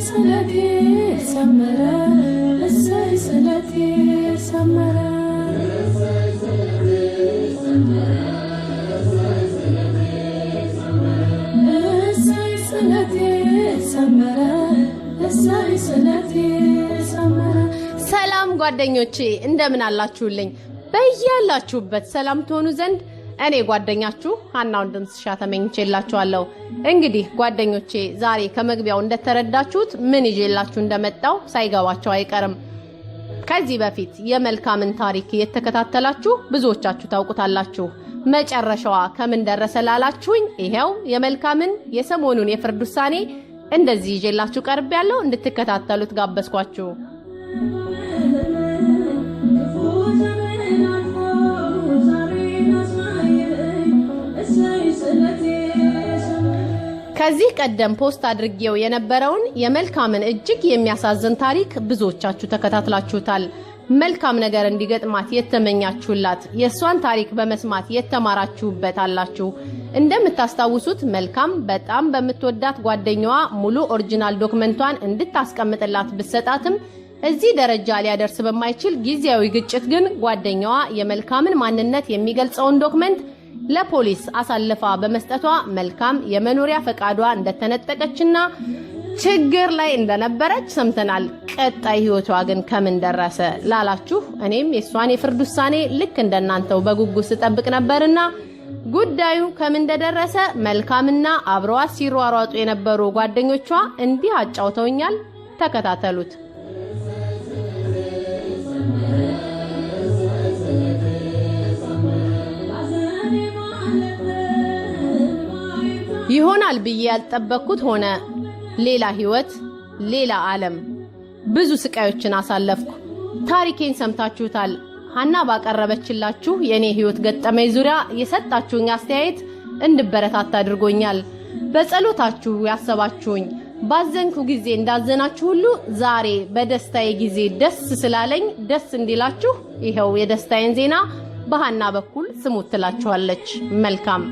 ሰላም ጓደኞቼ፣ እንደምን አላችሁልኝ? በያላችሁበት ሰላም ትሆኑ ዘንድ እኔ ጓደኛችሁ ሀና ወንድምስሻ ተመኝቼላችኋለሁ። እንግዲህ ጓደኞቼ ዛሬ ከመግቢያው እንደተረዳችሁት ምን ይዤላችሁ እንደመጣው ሳይገባቸው አይቀርም። ከዚህ በፊት የመልካምን ታሪክ የተከታተላችሁ ብዙዎቻችሁ ታውቁታላችሁ። መጨረሻዋ ከምን ደረሰ ላላችሁኝ ይሄው የመልካምን የሰሞኑን የፍርድ ውሳኔ እንደዚህ ይዤላችሁ ቀርቤያለሁ። እንድትከታተሉት ጋበዝኳችሁ። ከዚህ ቀደም ፖስት አድርጌው የነበረውን የመልካምን እጅግ የሚያሳዝን ታሪክ ብዙዎቻችሁ ተከታትላችሁታል። መልካም ነገር እንዲገጥማት የተመኛችሁላት የእሷን ታሪክ በመስማት የተማራችሁበት አላችሁ። እንደምታስታውሱት መልካም በጣም በምትወዳት ጓደኛዋ ሙሉ ኦሪጂናል ዶክመንቷን እንድታስቀምጥላት ብሰጣትም እዚህ ደረጃ ሊያደርስ በማይችል ጊዜያዊ ግጭት ግን ጓደኛዋ የመልካምን ማንነት የሚገልጸውን ዶክመንት ለፖሊስ አሳልፋ በመስጠቷ መልካም የመኖሪያ ፈቃዷ እንደተነጠቀችና ችግር ላይ እንደነበረች ሰምተናል። ቀጣይ ህይወቷ ግን ከምን ደረሰ ላላችሁ እኔም የእሷን የፍርድ ውሳኔ ልክ እንደናንተው በጉጉት ስጠብቅ ነበርና ጉዳዩ ከምን እንደደረሰ መልካምና አብረዋ ሲሯሯጡ የነበሩ ጓደኞቿ እንዲህ አጫውተውኛል። ተከታተሉት። ይሆናል ብዬ ያልጠበቅኩት ሆነ። ሌላ ህይወት፣ ሌላ ዓለም። ብዙ ስቃዮችን አሳለፍኩ። ታሪኬን ሰምታችሁታል። ሀና ባቀረበችላችሁ የእኔ ህይወት ገጠመኝ ዙሪያ የሰጣችሁኝ አስተያየት እንድበረታታ አድርጎኛል። በጸሎታችሁ ያሰባችሁኝ፣ ባዘንኩ ጊዜ እንዳዘናችሁ ሁሉ ዛሬ በደስታዬ ጊዜ ደስ ስላለኝ ደስ እንዲላችሁ ይኸው የደስታዬን ዜና በሀና በኩል ስሙት ትላችኋለች። መልካም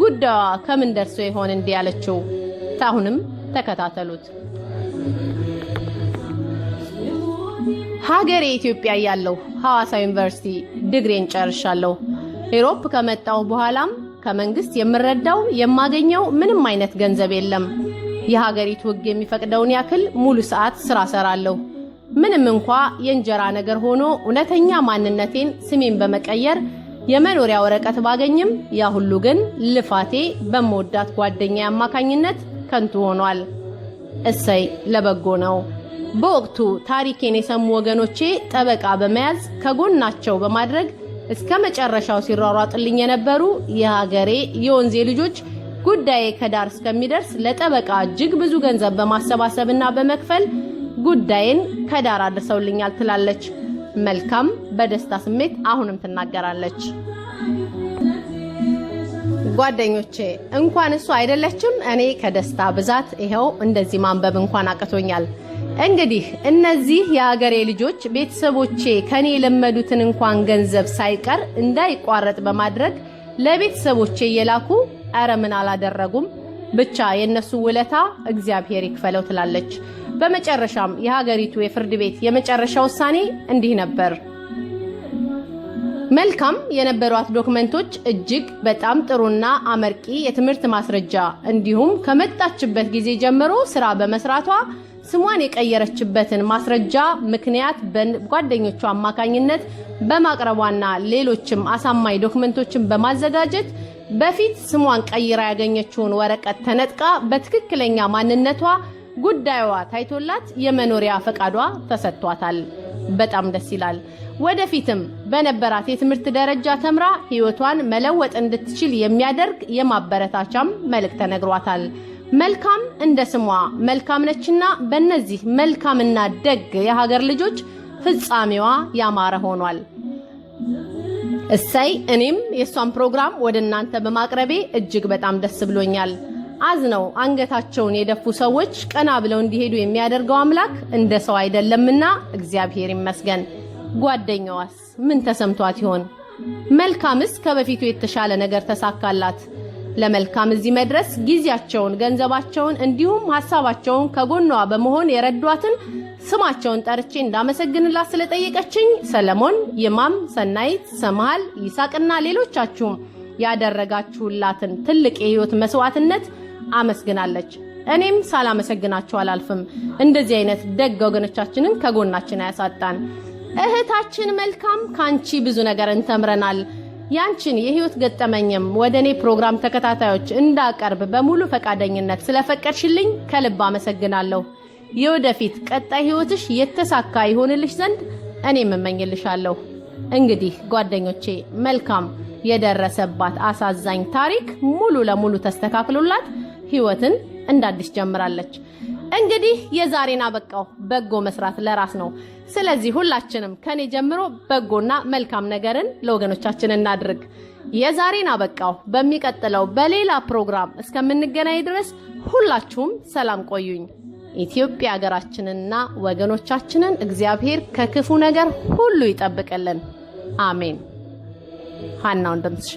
ጉዳዋ ከምን ደርሶ ይሆን እንዲህ ያለችው? አሁንም ተከታተሉት። ሀገሬ ኢትዮጵያ እያለሁ ሐዋሳ ዩኒቨርሲቲ ድግሬን ጨርሻለሁ። ኢሮፕ ከመጣሁ በኋላም ከመንግስት የምረዳው የማገኘው ምንም አይነት ገንዘብ የለም። የሀገሪቱ ሕግ የሚፈቅደውን ያክል ሙሉ ሰዓት ስራ ሰራለሁ። ምንም እንኳ የእንጀራ ነገር ሆኖ እውነተኛ ማንነቴን ስሜን በመቀየር የመኖሪያ ወረቀት ባገኝም ያ ሁሉ ግን ልፋቴ በመወዳት ጓደኛ አማካኝነት ከንቱ ሆኗል። እሰይ ለበጎ ነው። በወቅቱ ታሪኬን የሰሙ ወገኖቼ ጠበቃ በመያዝ ከጎናቸው በማድረግ እስከ መጨረሻው ሲሯሯጥልኝ የነበሩ የሀገሬ የወንዜ ልጆች ጉዳዬ ከዳር እስከሚደርስ ለጠበቃ እጅግ ብዙ ገንዘብ በማሰባሰብና በመክፈል ጉዳይን ከዳር አድርሰውልኛል ትላለች። መልካም በደስታ ስሜት አሁንም ትናገራለች። ጓደኞቼ እንኳን እሱ አይደለችም፣ እኔ ከደስታ ብዛት ይኸው እንደዚህ ማንበብ እንኳን አቅቶኛል። እንግዲህ እነዚህ የሀገሬ ልጆች ቤተሰቦቼ ከኔ የለመዱትን እንኳን ገንዘብ ሳይቀር እንዳይቋረጥ በማድረግ ለቤተሰቦቼ እየላኩ ኧረ ምን አላደረጉም ብቻ የእነሱ ውለታ እግዚአብሔር ይክፈለው ትላለች። በመጨረሻም የሀገሪቱ የፍርድ ቤት የመጨረሻ ውሳኔ እንዲህ ነበር። መልካም የነበሯት ዶክመንቶች እጅግ በጣም ጥሩና አመርቂ የትምህርት ማስረጃ እንዲሁም ከመጣችበት ጊዜ ጀምሮ ስራ በመስራቷ ስሟን የቀየረችበትን ማስረጃ ምክንያት በጓደኞቹ አማካኝነት በማቅረቧና ሌሎችም አሳማኝ ዶክመንቶችን በማዘጋጀት በፊት ስሟን ቀይራ ያገኘችውን ወረቀት ተነጥቃ በትክክለኛ ማንነቷ ጉዳዩዋ ታይቶላት የመኖሪያ ፈቃዷ ተሰጥቷታል። በጣም ደስ ይላል። ወደፊትም በነበራት የትምህርት ደረጃ ተምራ ሕይወቷን መለወጥ እንድትችል የሚያደርግ የማበረታቻም መልእክት ተነግሯታል። መልካም እንደ ስሟ መልካም ነችና በእነዚህ መልካምና ደግ የሀገር ልጆች ፍጻሜዋ ያማረ ሆኗል። እሰይ እኔም የእሷን ፕሮግራም ወደ እናንተ በማቅረቤ እጅግ በጣም ደስ ብሎኛል። አዝነው አንገታቸውን የደፉ ሰዎች ቀና ብለው እንዲሄዱ የሚያደርገው አምላክ እንደ ሰው አይደለምና እግዚአብሔር ይመስገን። ጓደኛዋስ ምን ተሰምቷት ይሆን? መልካምስ ከበፊቱ የተሻለ ነገር ተሳካላት? ለመልካም እዚህ መድረስ ጊዜያቸውን፣ ገንዘባቸውን እንዲሁም ሀሳባቸውን ከጎኗ በመሆን የረዷትን ስማቸውን ጠርቼ እንዳመሰግንላት ስለጠየቀችኝ ሰለሞን፣ ይማም፣ ሰናይት፣ ሰምሃል፣ ይሳቅና ሌሎቻችሁም ያደረጋችሁላትን ትልቅ የህይወት መስዋዕትነት አመስግናለች። እኔም ሳላመሰግናችሁ አላልፍም። እንደዚህ አይነት ደግ ወገኖቻችንን ከጎናችን አያሳጣን። እህታችን መልካም፣ ካንቺ ብዙ ነገር እንተምረናል። ያንቺን የህይወት ገጠመኝም ወደ እኔ ፕሮግራም ተከታታዮች እንዳቀርብ በሙሉ ፈቃደኝነት ስለፈቀድሽልኝ ከልብ አመሰግናለሁ። የወደፊት ቀጣይ ህይወትሽ የተሳካ ይሆንልሽ ዘንድ እኔ እመኝልሻለሁ። እንግዲህ ጓደኞቼ መልካም የደረሰባት አሳዛኝ ታሪክ ሙሉ ለሙሉ ተስተካክሎላት ህይወትን እንዳዲስ ጀምራለች። እንግዲህ የዛሬን አበቃው። በጎ መስራት ለራስ ነው። ስለዚህ ሁላችንም ከኔ ጀምሮ በጎና መልካም ነገርን ለወገኖቻችን እናድርግ። የዛሬን አበቃው። በሚቀጥለው በሌላ ፕሮግራም እስከምንገናኝ ድረስ ሁላችሁም ሰላም ቆዩኝ። ኢትዮጵያ ሀገራችንንና ወገኖቻችንን እግዚአብሔር ከክፉ ነገር ሁሉ ይጠብቅልን። አሜን። ሀናውን ደምስሻ